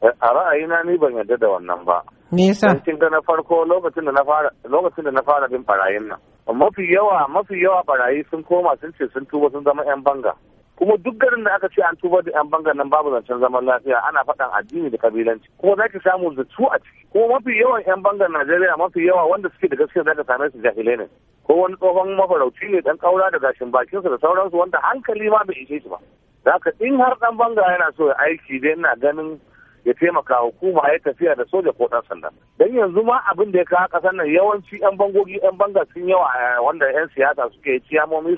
a ra'ayina ni ban yarda da wannan ba me yasa kin ga na farko lokacin da na fara bin barayin nan mafi yawa mafi yawa barayi sun koma sun ce sun tuba sun zama yan banga kuma duk garin da aka ce an tuba da yan bangan nan babu zancen zaman lafiya ana faɗan addini da kabilanci kuma zaki samu zutu a ciki kuma mafi yawan yan bangan Najeriya mafi yawa wanda suke da gaskiya zaka same su jahilai ne ko wani tsohon mafarauci ne dan kaura da gashin bakinsa da sauransu wanda hankali ma bai ishe shi ba zaka in har ɗan banga yana so ya aiki dai ina ganin ya taimaka hukuma ya tafiya da soja ko ɗan sanda don yanzu ma abin da ya kawo ƙasar nan yawanci yan bangogi yan banga sun yawa eh, wanda yan siyasa suke ciyamomi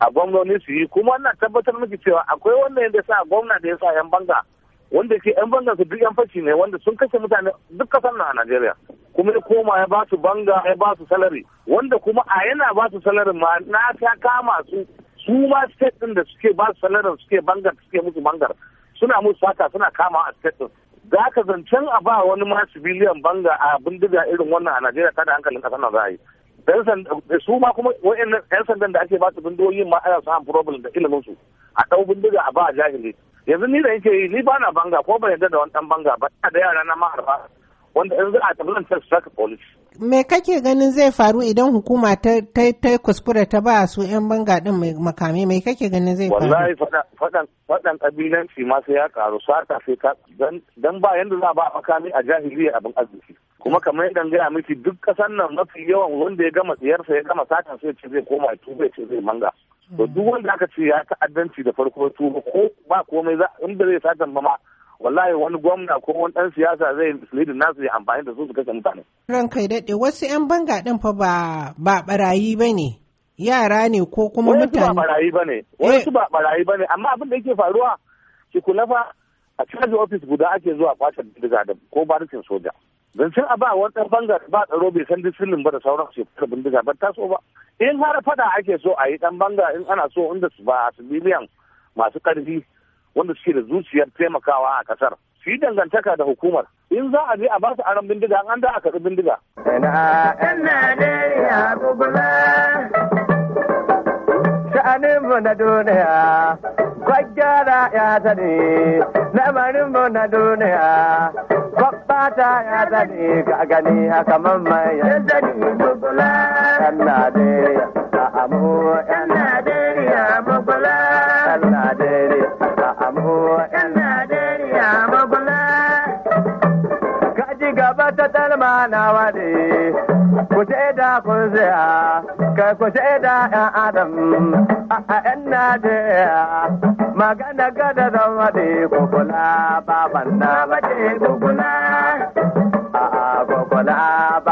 a gwamnoni su yi kuma na tabbatar miki cewa akwai wanda ya sa gwamna da ya sa yan banga wanda ke yan banga su duk yan fashi ne wanda sun kashe mutane duk ƙasar nan a Najeriya kuma ya koma ya ba su banga ya ba su salari wanda kuma a yana ba su salarin ma na ta kama su su ma state din da suke ba su salarin suke bangar suke musu bangar suna musu haka suna kama a ɗin. za ka zancen a ba wani masu biliyan banga a bindiga irin wannan a najeriya da hankalin kasar na za a yi su ma kuma yan sandan da ake ba su bindoyin ma ana samun problem da ilimin a ɗau bindiga a ba a jahili yanzu ni da yake yi ni ba na banga ko ban yarda da wani dan banga ba da yara na ma wanda yanzu a tabbatar zan su saka police Me kake ganin zai faru idan hukuma ta ta kuskure ta ba su 'yan banga din mai makami me kake ganin zai faru? Wallahi faɗan faɗan ƙabilanci ma sai ya karu sata sai ka dan ba yanda za ba makami a jahiliya abin arziki. Kuma kamar yadda ga miki duk kasan nan mafi yawan wanda ya gama tsiyarsa ya gama satan sai ce zai koma tuba ce zai manga. To duk wanda aka ce ya ta'addanci da farko tuba ko ba komai za in da zai satan ba wallahi wani gwamna ko wani dan siyasa zai misleading nasu ya amfani da su su kashe mutane ran kai daɗe wasu yan banga din fa ba ba barayi bane yara ne ko kuma mutane ba barayi bane wasu ba barayi bane amma abin da yake faruwa ki kula fa a charge office guda ake zuwa kwashe diga da ko barikin soja zancen a ba wani dan banga ba tsaro bai san disinin ba da sauran su fara bindiga ba taso ba in har fada ake so a yi dan banga in ana so inda su ba civilian masu karfi wanda suke da zuciyar taimakawa a kasar su yi dangantaka da hukumar in za a je a ba su aron bindiga an da a karɓi bindiga. Sha'aninmu na duniya, kwaggara ya sani, lamarinmu na duniya, kwabbata ya sani, ka gani haka mamman ya sani, bubula, yan Najeriya, a amu yan kaji gaba ta dalma na wade ku da kun tsaya ka ku da ɗan adam a ƴan najeriya magana gada da wade kukula baban na wade kukula a kukula ba